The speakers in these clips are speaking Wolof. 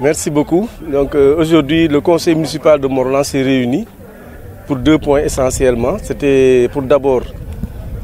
Merci beaucoup. Donc euh, aujourd'hui, le conseil municipal de Morlan s'est réuni pour deux points essentiellement. C'était pour d'abord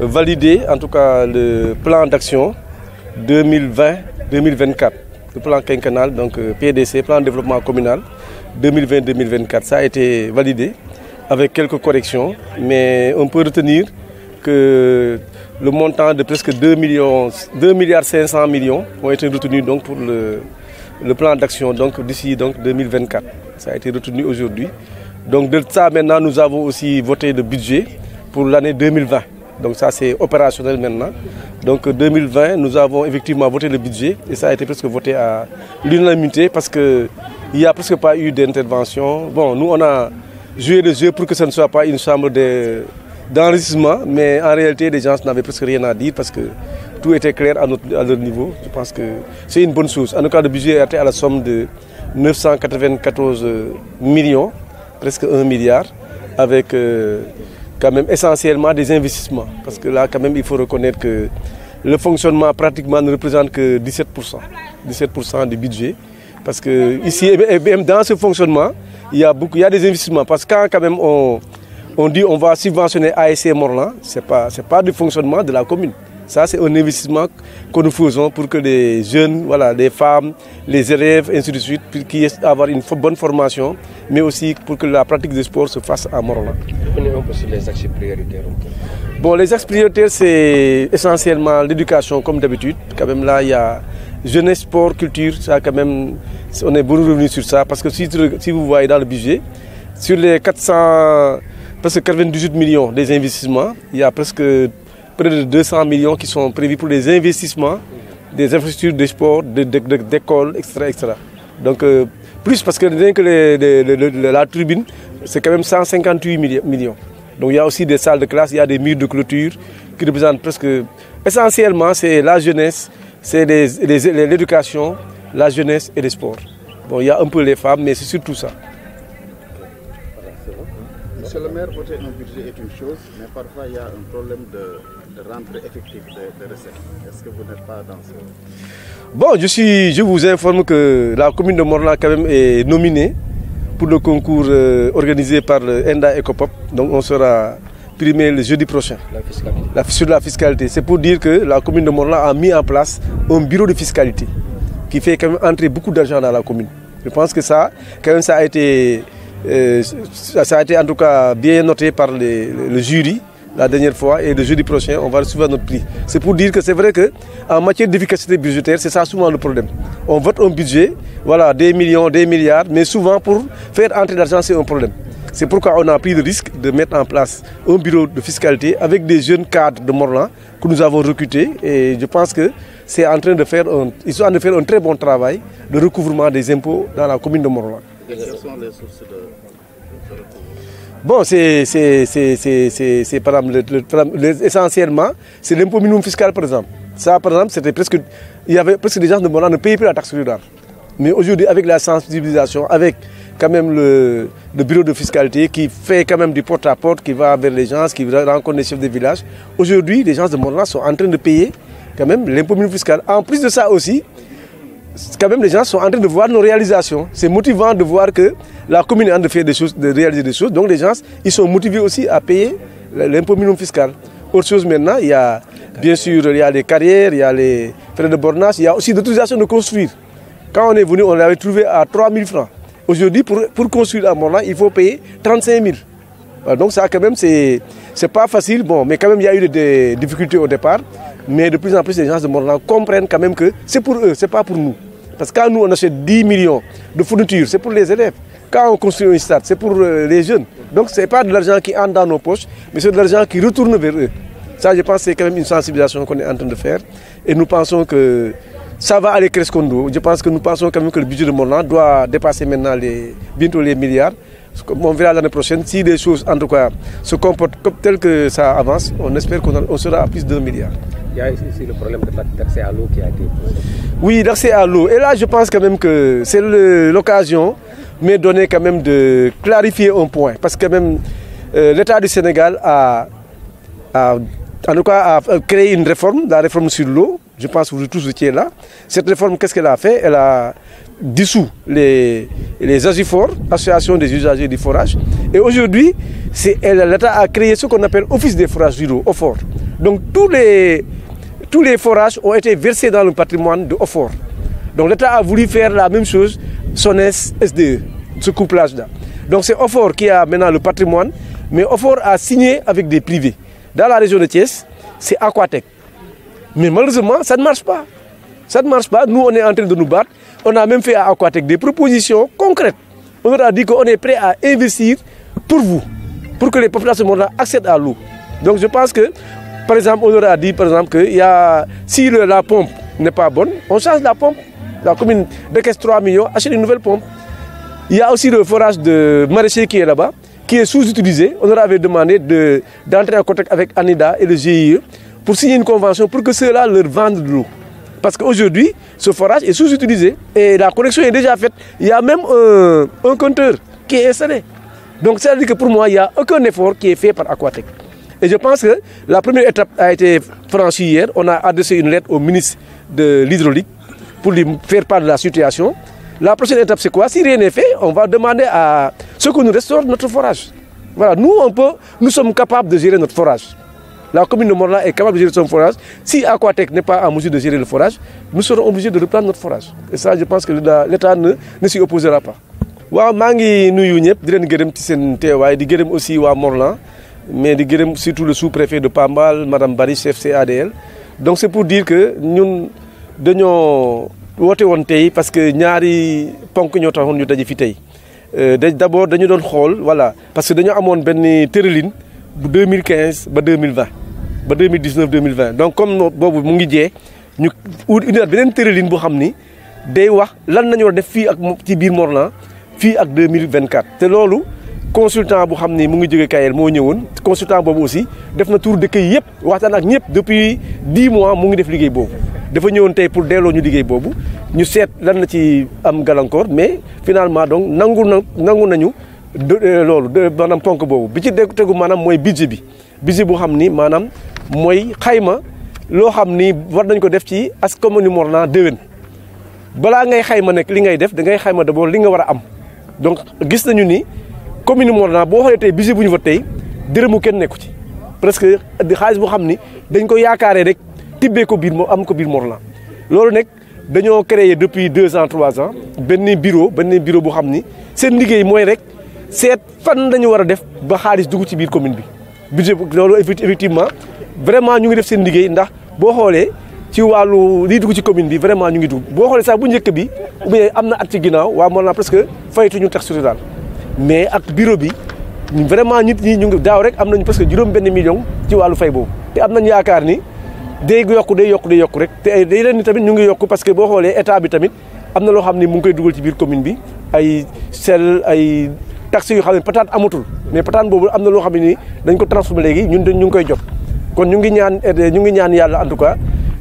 euh, valider en tout cas le plan d'action 2020-2024, le plan quinquennal, donc euh, PDC, plan de développement communal 2020-2024. Ça a été validé avec quelques corrections, mais on peut retenir le montant de presque 2, millions, 2 milliards 500 millions ont été retenus donc pour le le plan d'action donc d'ici donc 2024. Ça a été retenu aujourd'hui. Donc de ça maintenant nous avons aussi voté le budget pour l'année 2020. Donc ça c'est opérationnel maintenant. Donc 2020 nous avons effectivement voté le budget et ça a été presque voté à l'unanimité parce que il n'y a presque pas eu d'intervention. Bon, nous on a joué le jeu pour que ce ne soit pas une semble de d'enregistrement, mais en réalité les gens n'avaient presque rien à dire parce que tout était clair à notre, à leur niveau. Je pense que c'est une bonne chose. En tout cas, le budget était à la somme de 994 euh, euh, Parce que là, quand même, il faut reconnaître que le fonctionnement pratiquement ne représente que 17%, que ici, et eh eh même a, beaucoup, a des investissements. Parce que quand, quand même on, on dit on Ça, c'est un investissement que nous pour que les jeunes, voilà, les femmes, les élèves, ainsi de suite, puissent formation, mais aussi pour que la pratique du sport se fasse à Morolan. Revenez un peu comme d'habitude. Quand même, a jeunesse, sport, culture, ça, quand même, parce que si, si vous voyez dans le budget, sur les 400, presque 98 millions des investissements, il y près de 200 millions qui sont prévus pour des investissements, des infrastructures de sport, d'écoles, de, de, etc., etc., Donc, euh, plus parce que rien que les, les, les, la tribune, c'est quand même 158 millions. Donc, il y a aussi des salles de classe, il y a des murs de clôture qui représentent presque. Essentiellement, c'est la jeunesse, c'est l'éducation, la jeunesse et les sports. Bon, il y a surtout ça. Monsieur le maire, voter un budget est une je, suis, informe que la commune de Morna quand même est nominée pour le concours euh, organisé par le ENDA Ecopop. Donc on sera primé le jeudi prochain la fiscalité. sur la fiscalité. C'est pour dire que la commune de Morla a mis en place un bureau de fiscalité qui fait quand même entrer beaucoup d'argent dans la commune. Je pense que ça, quand même, ça a été Euh, ça, ça, été en tout cas bien noté par les, le jury la dernière fois et le jeudi prochain, on va recevoir notre prix. C'est pour dire que c'est vrai que en matière d'efficacité budgétaire, c'est ça souvent le problème. On vote un budget, voilà, des millions, des milliards, mais souvent pour faire entrer l'argent, c'est un problème. C'est pourquoi on a pris le risque de mettre en place un bureau de fiscalité avec des jeunes cadres de Morlan que nous avons recrutés pense que c'est en train de faire un, ils de faire un commune de Morlan. Et quelles sont les sources de, de Bon, c'est essentiellement, c'est l'impôt fiscal par exemple. Ça par exemple, c'était presque, il y avait presque des gens de Moran ne payaient plus la taxe solidaire. Mais aujourd'hui, avec la sensibilisation, avec quand même le, bureau de fiscalité qui fait quand même du porte-à-porte, qui va vers les qui rencontre les chefs de village, aujourd'hui, les de Moran sont en train de payer quand même l'impôt fiscal. En plus de ça aussi, quand même les gens sont en train de voir nos réalisations. C'est motivant de voir que la commune en train de faire de choses. Donc les gens, sont motivés aussi à payer l'impôt minimum fiscal. Autre chose maintenant, il bien sûr les carrières, les frais de bornage, l'autorisation de construire. Quand on est venu, on l'avait trouvé à francs. Aujourd'hui, pour, construire à Morlan, il faut payer donc ça quand même, c'est pas facile. mais quand même, y a eu des difficultés au départ. Mais Parce que quand nous, on achète 10 millions de fournitures, c'est pour les élèves. Quand on construit un stade, c'est pour euh, les jeunes. Donc, ce n'est pas de l'argent qui entre dans nos poches, mais c'est de l'argent qui retourne vers eux. Ça, je pense que c'est quand même une sensibilisation qu'on est en train de faire. Et nous pensons que ça va aller crescendo. Je pense que nous pensons que le budget de Montland doit dépasser maintenant les, milliards. On en tout cas, se comportent comme que ça avance. Il y a ici le problème d'accès à l'eau qui a été posé. Oui, d'accès à l'eau. Et là, je pense que c'est l'occasion, mais donner quand même de clarifier un point. Parce que même euh, l'État du Sénégal a, tout a euh, créé une réforme, la réforme sur l'eau. Je pense que vous tous étiez là. Cette réforme, qu'est-ce qu'elle a fait Elle a dissous les, les agiforts, associations des usagers du forage. Et aujourd'hui, l'État a créé ce qu'on appelle Office des forages ruraux, OFOR. Donc tous les, tous les forages ont été versés dans le patrimoine de Ofor. Donc l'État a voulu faire la même chose, son SDE, ce couplage-là. Donc c'est Ofor qui a maintenant le patrimoine, mais Ofor a signé avec des privés. Dans la région de Thiès, c'est Aquatec. Mais malheureusement, ça ne marche pas. Nous, on est en de nous battre. On a même fait à Aquatec des propositions concrètes. On leur a dit qu'on est prêt à investir pour vous, pour que les populations mondiales Par exemple, on leur dit par exemple que y a, si le, la pompe n'est pas bonne, on change la pompe. La commune décaisse 3 millions, achète une nouvelle pompe. Il aussi le forage de maraîcher qui est là-bas, qui est sous-utilisé. On leur avait demandé d'entrer en contact avec ANIDA et le GIE pour signer une convention pour que ceux-là leur vendent de l'eau. que qu'aujourd'hui, ce forage est sous-utilisé et la connexion est déjà faite. Il y même un, un compteur qui est pour moi, il n'y fait par Aquatech. je pense que la première étape a été franchie hier. On a adressé une lettre au ministre de l'hydraulique pour lui faire part de la situation. La prochaine étape, c'est quoi Si rien forage. Voilà, nous, on peut, nous de gérer notre forage. La commune de Morla est capable de gérer son forage. Si Aquatec n'est pas en mesure de gérer le forage, nous serons obligés de reprendre notre forage. Et ça, je pense que l'État ne, ne s'y opposera pas. waaw maa ngi nuyu ñëpp di leen gërëm ci seen teewaay di gërëm aussi waa Morlan mais di gërëm surtout le sous-préfet de Pambal madame Bari chef CADL donc c'est pour dire que ñun dañoo woote woon tey parce que ñaari ponk ñoo taxoon ñu daje fi tey euh, da d'abord dañu doon xool wala parce que dañoo amoon benn tëralin bu 2015 ba 2020 ba 2019 2020 donc comme boobu mu ngi jee ñu indiwaat beneen tëralin boo xam ni day wax lan nañu war def fii ak ci biir Morlan fii ak deux mille vingt quatre te loolu consultant bu xam ni mu ngi jóge Kayel moo ñëwoon consultant boobu aussi def na tour dëkk yi yëpp waxtaan ak ñëpp depuis dix mois mu ngi def liggéey boobu. dafa ñëwoon tey pour delloo ñu liggéey boobu ñu seet lan la ci am gàllankoor mais finalement donc nangu na nangu nañu euh, loolu maanaam ponk boobu bi ci dégg tegu maanaam mooy budget bi budget bu xam ni maanaam mooy xayma loo xam ni war nañ ko def ci as commune Morna déwén. balaa ngay xayma nekk li ngay def da ngay xayma d'abord li nga war a am donc gis nañu ni. commune Morna boo xoolee tey budget bu ñu fa tey dërëmu kenn nekku ci presque xaalis boo xam ni dañ ko yaakaaree rek tibbee ko biir am ko biir Morna loolu nag dañoo créer depuis deux ans trois ans benn bureau benn bureau boo xam ni seen liggéey mooy rek seet fan lañu war a def ba xaalis dugg ci biir commune bi budget loolu effectivement vraiment ñu ngi def seen liggéey ndax boo xoolee ci wàllu lii dugg ci commune bi vraiment ñu ngi dugg boo xoolee sax bu njëkk bi ou bien am na at ci ginnaaw waa Morna presque faytu ñu taxe daal mais ak bureau bi vraiment nit ñi ñu ngi daaw rek am nañu parce que juróom benn million ci wàllu fay boobu te am nañ yaakaar ni day yokku day yokku day yokk rek te ay day leen ni tamit ñu ngi yokk parce que boo xoolee bi tamit am na loo xam mu ngi koy dugal ci biir bi ay sel ay taxe yoo xam ne patate amatul mais patate boobu am na loo xam ne ni dañ ko transformé léegi ñun dañ ñu ngi koy jot kon ñu ngi ñaan ñu ngi ñaan yàlla en tout cas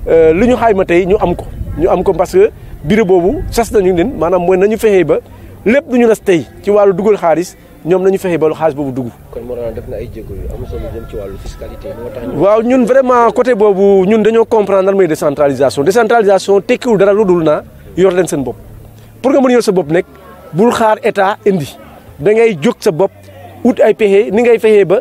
euh, li ñu xayma tey ñu am ko ñu am ko parce que bureau boobu sas nañu leen maanaam mooy nañu fexee ba lépp lu ñu des tey ci wàllu dugal xaalis ñoom nañu fexe ba lu xaalis boobu dugg. kon Morane def na ay jéego yu am solo waaw ñun vraiment côté boobu ñun dañoo comprendre lan mooy décentralisation décentralisation tekkiwul dara lu dul naa yor leen seen bopp pour nga mën yor sa bopp nag bul xaar état indi da ngay jóg sa bopp ut ay pexe ni ngay fexee ba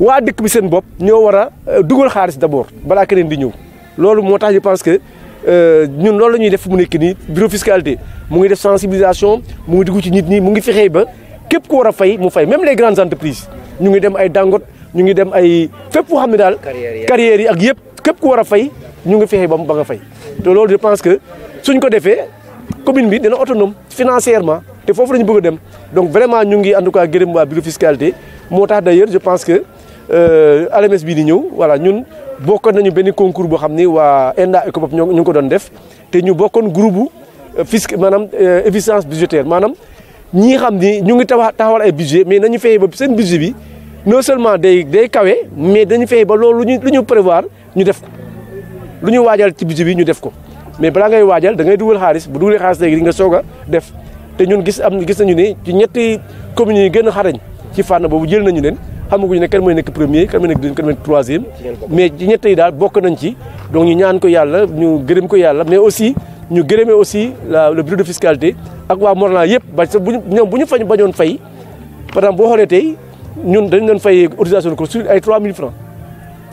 waa dëkk bi seen bopp ñoo war a euh, dugal xaalis d'abord balaa keneen di ñëw loolu moo tax je pense que. Euh, ñun loolu la ñuy def mu nekk nii bureau fiscalité mu ngi def sensibilisation mu ngi dugg ci nit ñi mu ngi fexee ba képp ku war a fay mu fay même les grande entreprises ñu ngi dem ay Dangote ñu ngi dem ay fépp foo xam ne daal. carrières yi ak yëpp képp ku war a fay ñu ngi fexe ba mu ba nga fay. te loolu je pense que suñ ko defee commune bi dina autonome financièrement te foofu la bëgg dem donc vraiment ñu ngi en tout cas gërëm waa bureau fiscalité moo tax d' ailleurs je pense que euh, LMS bii di ñëw voilà ñun. bokkoon nañu benn concours boo xam ni waa ENDA ECOPOP ñu ngi ko doon def te ñu bokkoon groupe fisc maanaam euh, efficience budgétaire maanaam ñii xam ni ñu ngi tawa taxawal ay budget mais nañu fexe ba seen budget bi non seulement day day kawe mais dañu fexe ba loolu lu ñu lu ñu prévoir ñu def ko lu ñu waajal ci budget bi ñu def ko mais balaa ngay waajal da ngay dugal xaalis bu dugalee xaalis léegi di nga soog a def te ñun gis am gis nañu ni ci ñetti communes yi gën a xarañ ci fànn boobu jël nañu leen xamaguñu ne kan mooy nekk premier kan mooy nekk deuxième kan mais ñett daal bokk nañ ci donc ñu ñaan ko yàlla ñu gërëm ko yàlla mais aussi ñu gërëmee aussi la le bureau de fiscalité ak waa Morlan yëpp ba sa buñu ñoom bu ñu fañ bañoon fay par exemple boo xoolee tey ñun dañ doon fay autorisation de construire ay 3000 francs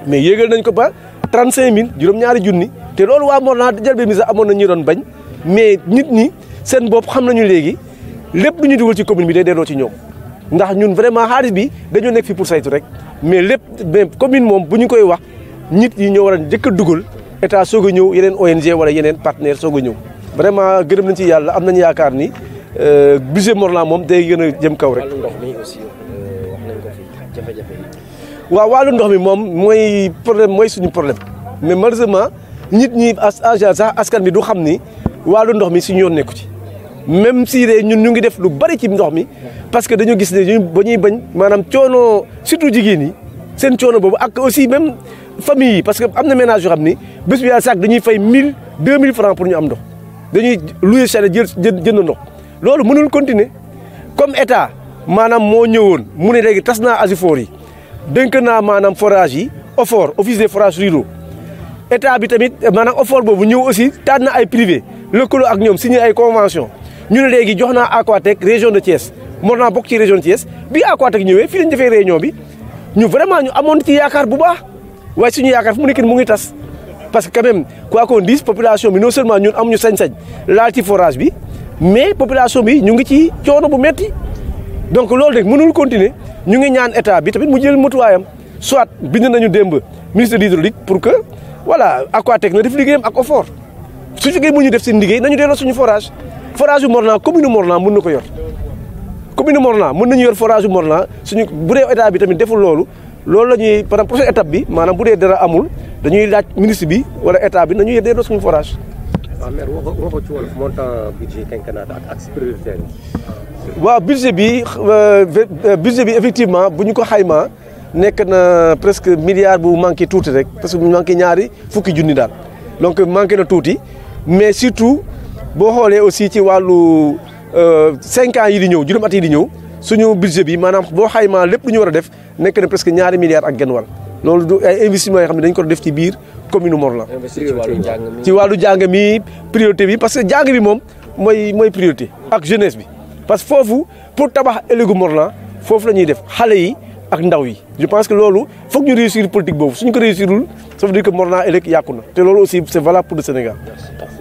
mais yéegal nañ ko ba mille juróom-ñaari junni te loolu waa Morlan jëlbe mi sax amoon nañu doon bañ mais nit ñi seen bopp xam nañu léegi lépp lu ñuy dugal ci commune bi day delloo ci ñoom ndax ñun vraiment xaalis bi dañoo nekk fi pour saytu rek mais lépp mais commune moom bu ñu koy wax nit ñi ñoo war a njëkk a dugal état soog ñëw yeneen ONG wala yeneen partenaire soog a ñëw vraiment gërëm nañ ci yàlla am nañu yaakaar ni euh, budget Montrolland moom day gën a jëm kaw rek. Euh, waaw wàllu ndox mi moom mooy problème mooy suñu problème mais malheureusement nit ñi as sax askan bi du xam ni wàllu ndox mi suñu yoon nekku ci. même si ñun ñu ngi def lu bari ci ndox mi parce que dañu gis ne ñu ba ñuy bañ maanaam coono surtout jigéen yi seen coono boobu ak aussi même famille yi parce que am na ménage yoo xam ni bés bi yàlla sàkk dañuy fay 1000 2000 francs pour ñu am ndox dañuy loué chalet jël jënd ndox loolu mënul continuer comme état maanaam moo ñëwoon mu ne léegi tas naa asifor yi dënk naa maanaam forage yi OFOR office des forages ruraux état bi tamit maanaam OFOR boobu ñëw aussi tànn na ay privé lëkkaloo ak ñoom signé ay convention ñu ne léegi jox naa Aquatech région de Thiès mor naa bokk ci région de Thiès bi Aquatech ñëwee fii lañ defee réunion bi ñu vraiment ñu amoon ci yaakaar bu baax waaye suñu yaakaar fu mu mu ngi tas parce que quand même quoi population bi non seulement ñun amuñu sañ-sañ laal ci forage bi mais population bi ñu ngi ci coono bu metti donc loolu nag mënul continuer ñu ngi ñaan état bi tamit mu jël matuwaayam soit bind nañu démb ministre de l'hydraulique pour que voilà Aquatech na def liggéeyam ak OFOR su fekkee mu ñu def seen liggéey nañu delloo suñu forage. forage yu Morna commune Morna mën na ko yor commune Morna mën nañu yor forage yu Morna suñu bu dee état bi tamit deful loolu loolu la ñuy par exemple prochaine étape bi maanaam bu dee dara amul dañuy laaj ministre bi wala état bi nañu yéen delloo suñu forage. waaw ah, maire waxoo waxoo ci wolof montant budget quinquennat ak axe prioritaire yi. waaw budget bi euh, euh, budget bi effectivement bu ñu ko xaymaa nekk na presque milliard bu manqué tuuti rek parce que bu manqué ñaari fukki junni daal donc manqué na tuuti mais surtout. boo xoolee aussi ci wàllu euh, cinq ans yi di ñëw juróom at yi di ñëw suñu budget bi maanaam boo xaymaa lépp lu ñu war a def nekk na presque ñaari milliards ak genn wàll loolu du ay investissement yoo xam ne dañ ko def ci biir commune Morlan ci wàllu jàng mi priorité bi parce que jàng bi moom mooy mooy priorité ak jeunesse bi parce que foofu pour tabax élégu Morlan foofu la ñuy def xale yi ak ndaw yi je pense que loolu foog ñu réussir politique boobu suñu ko réussirul ça veut dire que Morlan ëllëg yàqu te loolu aussi c'est valable pour